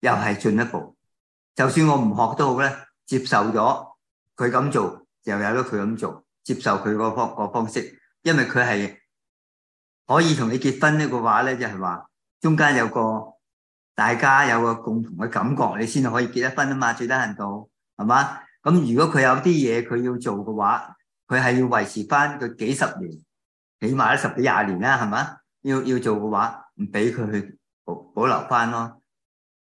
又係進一步。就算我唔學都好咧，接受咗佢咁做。就由得佢咁做，接受佢個方個方式，因為佢係可以同你結婚呢個話咧就係、係、話中間有個大家有個共同嘅感覺，你先可以結得婚啊嘛，最低限度係嘛。咁如果佢有啲嘢佢要做嘅話，佢係要維持翻佢幾十年，起碼都十幾廿年啦，係嘛？要要做嘅話，唔俾佢去保留翻咯。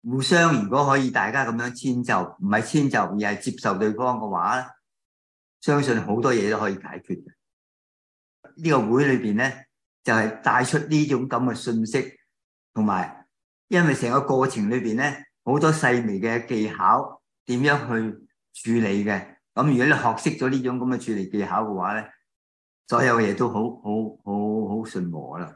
互相如果可以大家咁樣遷就，唔係遷就而係接受對方嘅話咧，相信好多嘢都可以解決嘅。呢、這個會裏邊咧，就係、是、帶出呢種咁嘅信息，同埋因為成個過程裏邊咧，好多細微嘅技巧點樣去處理嘅。咁如果你學識咗呢種咁嘅處理技巧嘅話咧，所有嘢都好好好好順和啦。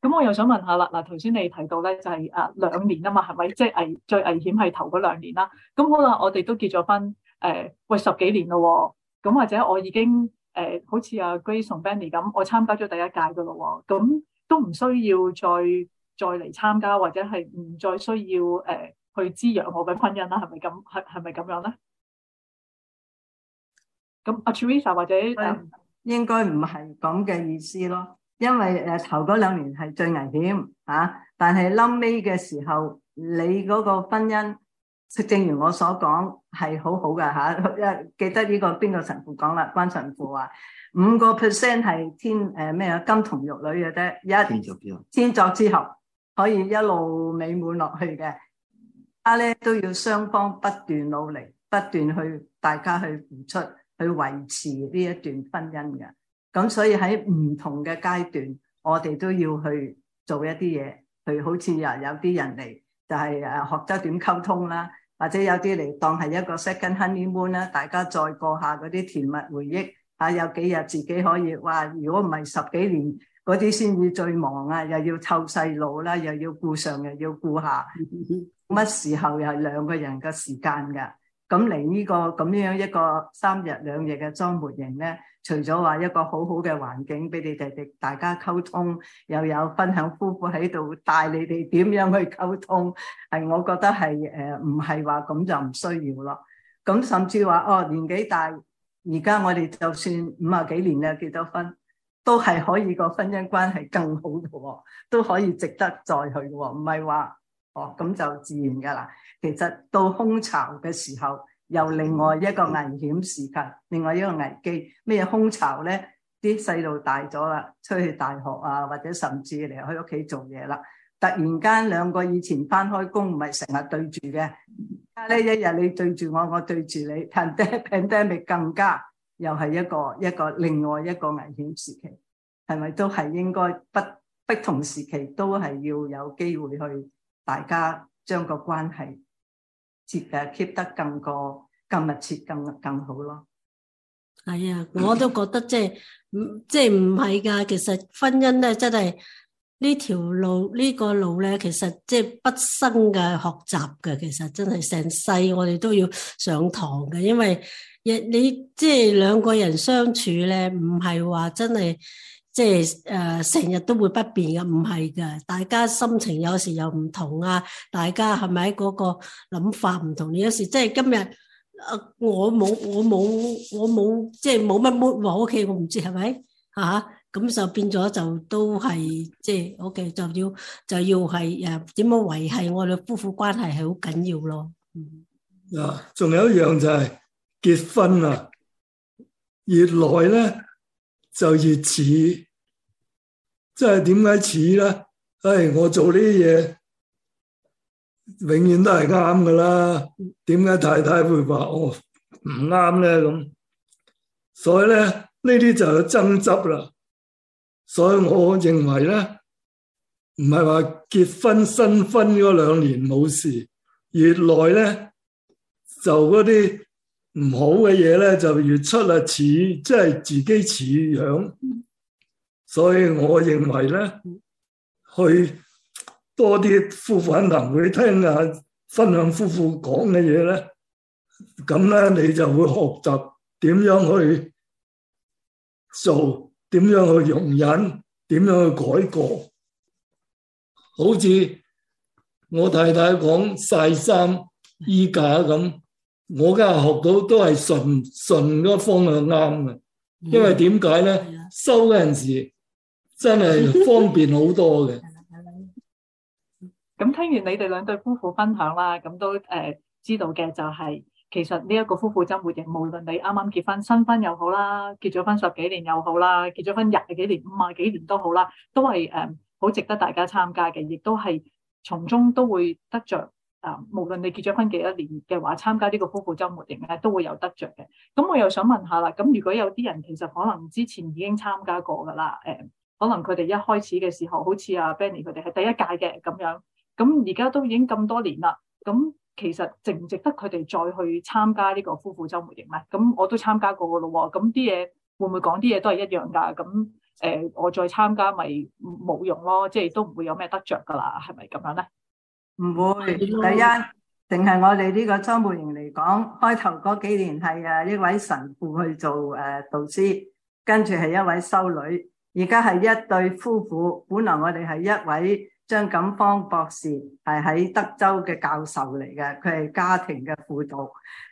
咁我又想問下啦，嗱頭先你提到咧，就係啊兩年啊嘛，係咪？即係危最危險係頭嗰兩年啦。咁好啦，我哋都結咗婚。誒、欸、喂，十幾年咯喎、哦，咁或者我已經誒、呃、好似阿、啊、Grace 同 Benny 咁，我參加咗第一屆噶咯喎，咁都唔需要再再嚟參加，或者係唔再需要誒、呃、去滋養我嘅婚姻啦？係咪咁？係係咪咁樣咧？咁阿、啊、Teresa 或者誒，是呃、應該唔係咁嘅意思咯，因為誒頭嗰兩年係最危險嚇、啊，但係臨尾嘅時候，你嗰個婚姻。正如我所講，係好好噶吓。一記得呢個邊個神父講啦，關神父話五個 percent 係天誒咩啊金童玉女嘅啫，一天作，天作之合可以一路美滿落去嘅。但、啊、咧都要雙方不斷努力，不斷去大家去付出，去維持呢一段婚姻嘅。咁、啊、所以喺唔同嘅階段，我哋都要去做一啲嘢，去好似啊有啲人嚟就係、是、誒學習點溝通啦。啊或者有啲嚟當係一個 second honeymoon 啦，大家再過下嗰啲甜蜜回憶嚇，有幾日自己可以哇！如果唔係十幾年嗰啲先至最忙啊，又要湊細路啦，又要顧上又要顧下，乜時候又係兩個人嘅時間㗎？咁嚟呢個咁樣一個三日兩夜嘅裝模型咧，除咗話一個好好嘅環境俾你哋哋大家溝通，又有分享夫婦喺度帶你哋點樣去溝通，係我覺得係誒唔係話咁就唔需要咯。咁、嗯、甚至話哦年紀大，而家我哋就算五啊幾年啦結咗婚，都係可以個婚姻關係更好嘅、哦、都可以值得再去嘅、哦、喎，唔係話哦咁就自然㗎啦。其實到空巢嘅時候，又另外一個危險時間，另外一個危機。咩空巢咧？啲細路大咗啦，出去大學啊，或者甚至嚟去屋企做嘢啦。突然間兩個以前返開工唔係成日對住嘅，而家呢一日你對住我，我對住你，平頂平頂咪更加又係一個一個另外一個危險時期，係咪都係應該不不同時期都係要有機會去大家將個關係。接 keep 得更個更密切更，更更好咯。係啊，我都覺得即、就、係、是，即係唔係㗎。其實婚姻咧，真係呢條路呢、呢個路咧，其實即係畢生嘅學習嘅。其實真係成世，我哋都要上堂嘅，因為亦你即係、就是、兩個人相處咧，唔係話真係。即係誒，成日都會不變嘅，唔係嘅。大家心情有時又唔同啊，大家係咪嗰個諗法唔同？你有時即係今日，我冇我冇我冇，即係冇乜 mood 喎。屋企我唔知係咪吓？咁就變咗就都係即係 O.K. 就要就要係誒，點樣維繫我哋夫婦關係係好緊要咯。嗯，啊，仲有一樣就係結婚啊，越耐咧。就越似，即係點解似咧？唉、哎，我做呢啲嘢，永遠都係啱噶啦。點解太太會話我唔啱咧？咁，所以咧呢啲就有爭執啦。所以我認為咧，唔係話結婚新婚嗰兩年冇事，越耐咧就嗰啲。唔好嘅嘢咧，就越出嚟似，即係自己似樣。所以我認為咧，去多啲夫婦喺堂會聽下，分享夫婦講嘅嘢咧，咁咧你就會學習點樣去做，點樣去容忍，點樣去改過。好似我太太講曬衫衣架咁。我而家學到都係順順嗰個方向啱嘅，因為點解咧？的收嗰陣時真係方便好多嘅。咁 聽完你哋兩對夫婦分享啦，咁都誒知道嘅就係、是，其實呢一個夫婦週末營，無論你啱啱結婚、新婚又好啦，結咗婚十幾年又好啦，結咗婚廿幾年、五啊幾年都好啦，都係誒好值得大家參加嘅，亦都係從中都會得着。啊，無論你結咗婚幾多年嘅話，參加呢個夫婦周末營咧，都會有得着嘅。咁我又想問下啦，咁如果有啲人其實可能之前已經參加過噶啦，誒、呃，可能佢哋一開始嘅時候，好似阿、啊、Benny 佢哋係第一屆嘅咁樣，咁而家都已經咁多年啦，咁其實值唔值得佢哋再去參加呢個夫婦周末營咧？咁我都參加過噶咯喎，咁啲嘢會唔會講啲嘢都係一樣㗎？咁誒、呃，我再參加咪冇用咯，即係都唔會有咩得着㗎啦，係咪咁樣咧？唔會，的第一，定係我哋呢個週末營嚟講，開頭嗰幾年係啊一位神父去做誒導師，跟住係一位修女，而家係一對夫婦。本來我哋係一位張錦芳博士係喺德州嘅教授嚟嘅，佢係家庭嘅輔導。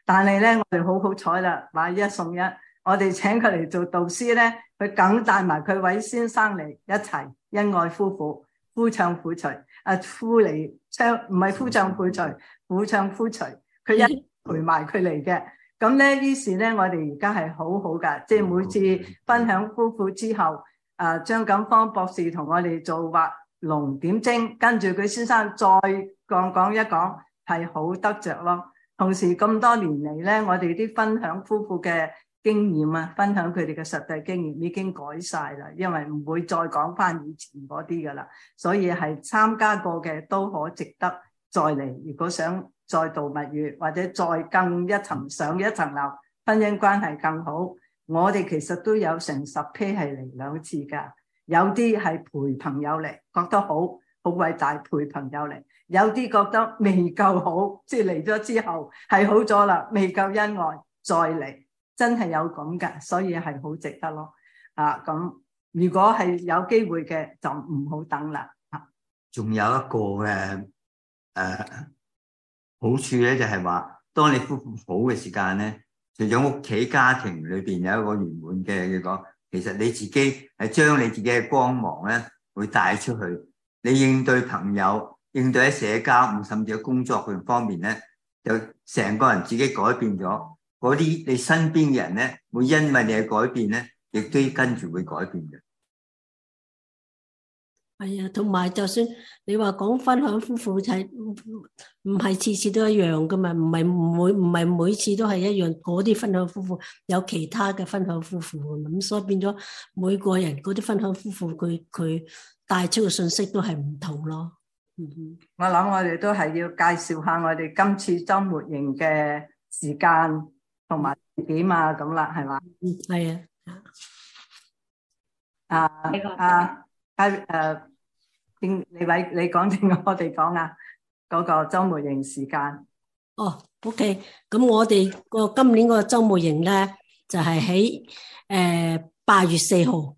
但係呢，我哋好好彩啦，買一送一，我哋請佢嚟做導師呢，佢梗帶埋佢位先生嚟一齊恩愛夫婦，夫唱婦隨。啊夫嚟唱唔係夫唱婦隨，婦唱夫隨，佢一陪埋佢嚟嘅。咁咧，於是咧，我哋而家係好好噶，即係每次分享夫婦之後，啊張錦芳博士同我哋做畫龍點睛，跟住佢先生再講講一講，係好得着咯。同時咁多年嚟咧，我哋啲分享夫婦嘅。經驗啊，分享佢哋嘅實際經驗已經改晒啦，因為唔會再講翻以前嗰啲噶啦，所以係參加過嘅都可值得再嚟。如果想再度蜜月或者再更一層上一層樓，婚姻關係更好，我哋其實都有成十批係嚟兩次噶，有啲係陪朋友嚟，覺得好好偉大陪朋友嚟，有啲覺得未夠好，即係嚟咗之後係好咗啦，未夠恩愛再嚟。真係有咁噶，所以係好值得咯。啊，咁如果係有機會嘅，就唔好等啦。仲有一個誒誒好處咧，就係話，當你夫婦好嘅時間咧，除咗屋企家庭裏邊有一個圓滿嘅，你講，其實你自己係將你自己嘅光芒咧，會帶出去。你應對朋友、應對喺社交，甚至喺工作嘅方面咧，就成個人自己改變咗。嗰啲你身邊嘅人咧，會因為你嘅改變咧，亦都跟住會改變嘅。係啊，同埋就算你話講分享夫婦就係唔係次次都一樣噶嘛？唔係每唔係每次都係一樣。嗰啲分享夫婦有其他嘅分享夫婦，咁所以變咗每個人嗰啲分享夫婦佢佢帶出嘅信息都係唔同咯。嗯，我諗我哋都係要介紹下我哋今次周末營嘅時間。同埋點啊咁啦，係嘛？嗯，係啊。啊啊，係誒，邊？你位你講定我哋講啊？嗰個週末營時間。哦，OK。咁我哋個今年個周末營咧，就係喺誒八月四號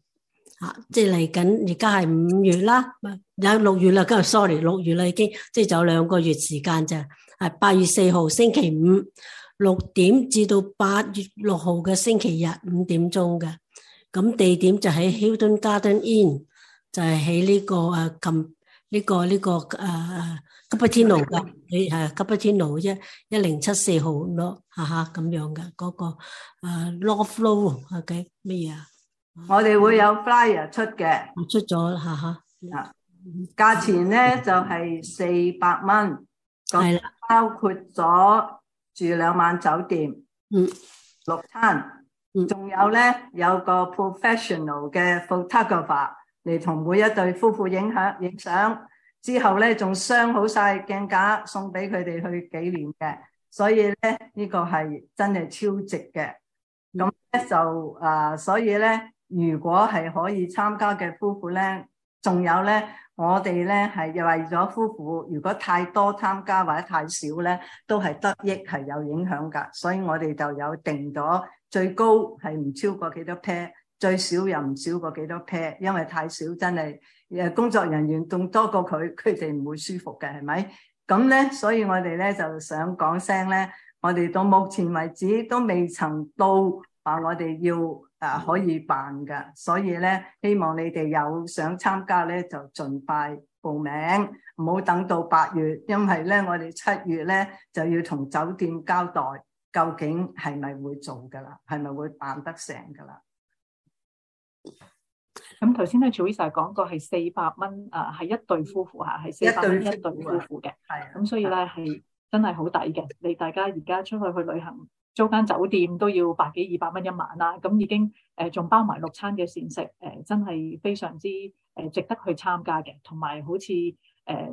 嚇，即係嚟緊。而家係五月啦，有六月啦。今日 sorry，六月啦已經，即係仲有兩個月時間咋？係八月四號星期五。六點至到八月六號嘅星期日五點鐘嘅，咁地點就喺 Hilton Garden Inn，就係喺呢個誒近呢個呢個誒 Cupertino 路嘅，你係 Cupertino 路一一零七四號咯，哈哈咁樣嘅嗰個誒 Loftlow 係幾乜嘢啊？我哋會有 flyer 出嘅，出咗哈哈。啊，價錢咧就係四百蚊，係啦，包括咗。住兩晚酒店，嗯、六餐，仲、嗯、有咧有個 professional 嘅 photographer 嚟同每一對夫婦影下影相，之後咧仲鑲好晒鏡架送俾佢哋去紀念嘅，所以咧呢，呢個係真係超值嘅。咁咧就啊、呃，所以咧如果係可以參加嘅夫婦咧，仲有咧，我哋咧係為咗夫婦，如果太多參加或者太少咧，都係得益係有影響噶，所以我哋就有定咗最高係唔超過幾多 pair，最少又唔少過幾多 pair，因為太少真係誒工作人員仲多過佢，佢哋唔會舒服嘅，係咪？咁咧，所以我哋咧就想講聲咧，我哋到目前為止都未曾到話我哋要。啊，可以辦㗎，所以咧，希望你哋有想參加咧，就盡快報名，唔好等到八月，因為咧，我哋七月咧就要同酒店交代，究竟係咪會做噶啦，係咪會辦得成噶啦？咁頭先咧，Joey Sir 講過係四百蚊，啊，係一對夫婦嚇，係四百蚊一對夫婦嘅，係啊，咁所以咧係真係好抵嘅，你大家而家出去去旅行，租間酒店都要百幾二百蚊一晚啦，咁已經誒仲、呃、包埋六餐嘅膳食，誒、呃、真係非常之誒、呃、值得去參加嘅。同埋好似誒、呃、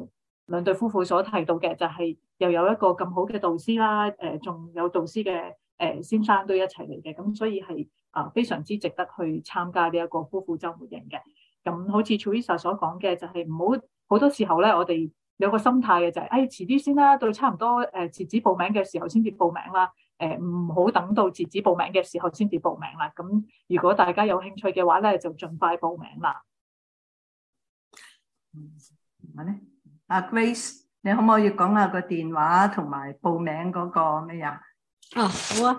兩對夫婦所提到嘅、就是，就係又有一個咁好嘅導師啦，誒、呃、仲有導師嘅誒、呃、先生都一齊嚟嘅，咁、呃、所以係啊、呃、非常之值得去參加呢一個夫婦周末營嘅。咁好似 Teresa 所講嘅、就是，就係唔好好多時候咧，我哋有個心態嘅就係、是、誒、哎、遲啲先啦，到差唔多誒截、呃、止報名嘅時候先至報名啦。誒唔好等到截止報名嘅時候先至報名啦。咁如果大家有興趣嘅話咧，就盡快報名啦。我咧，阿 Grace，你可唔可以講下個電話同埋報名嗰個咩呀？啊，好啊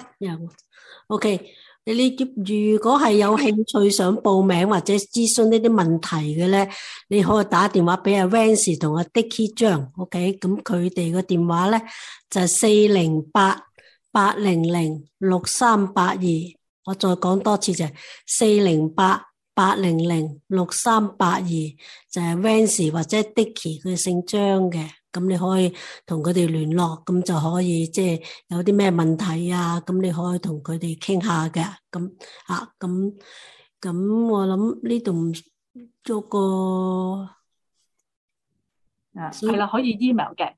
，OK。你你如果係有興趣想報名或者諮詢呢啲問題嘅咧，你可以打電話俾阿 Vance 同阿 Dickie John。OK，咁佢哋個電話咧就係四零八，八零零六三八二，2，我再講多次2，就係四零八八零零六三八二，就係 Vancy 或者 Dicky 佢姓張嘅，咁你可以同佢哋聯絡，咁就可以即係、就是、有啲咩問題啊，咁你可以同佢哋傾下嘅，咁啊，咁咁我諗呢度做個啊係啦，可以 email 嘅。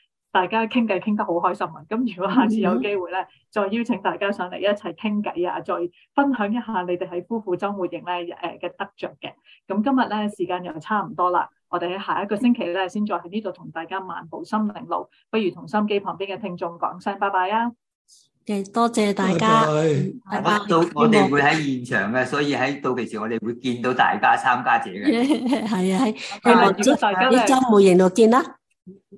大家傾偈傾得好開心啊！咁如果下次有機會咧，再邀請大家上嚟一齊傾偈啊，再分享一下你哋喺夫婦周末營咧誒嘅得着嘅。咁今日咧時間又係差唔多啦，我哋喺下一個星期咧先再喺呢度同大家漫步心靈路，不如同心機旁邊嘅聽眾講聲拜拜啊！嘅多謝大家，到我哋會喺現場嘅，所以喺到期時我哋會見到大家參加者嘅。係啊， 喺喺如果大家周末營度見啦。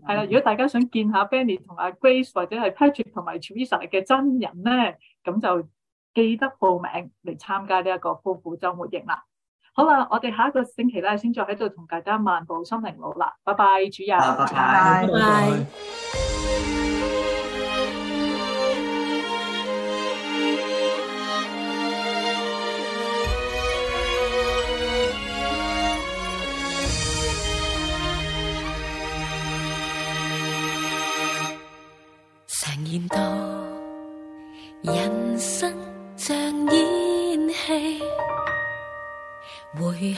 係啦，嗯，如果大家想見下 Benny 同阿 Grace 或者係 Patrick 同埋 Teresa 嘅真人咧，咁就記得報名嚟參加呢一個夫婦周末營啦。好啦，我哋下一個星期咧先再喺度同大家漫步心靈路啦。拜拜，主任，拜拜。拜拜拜拜。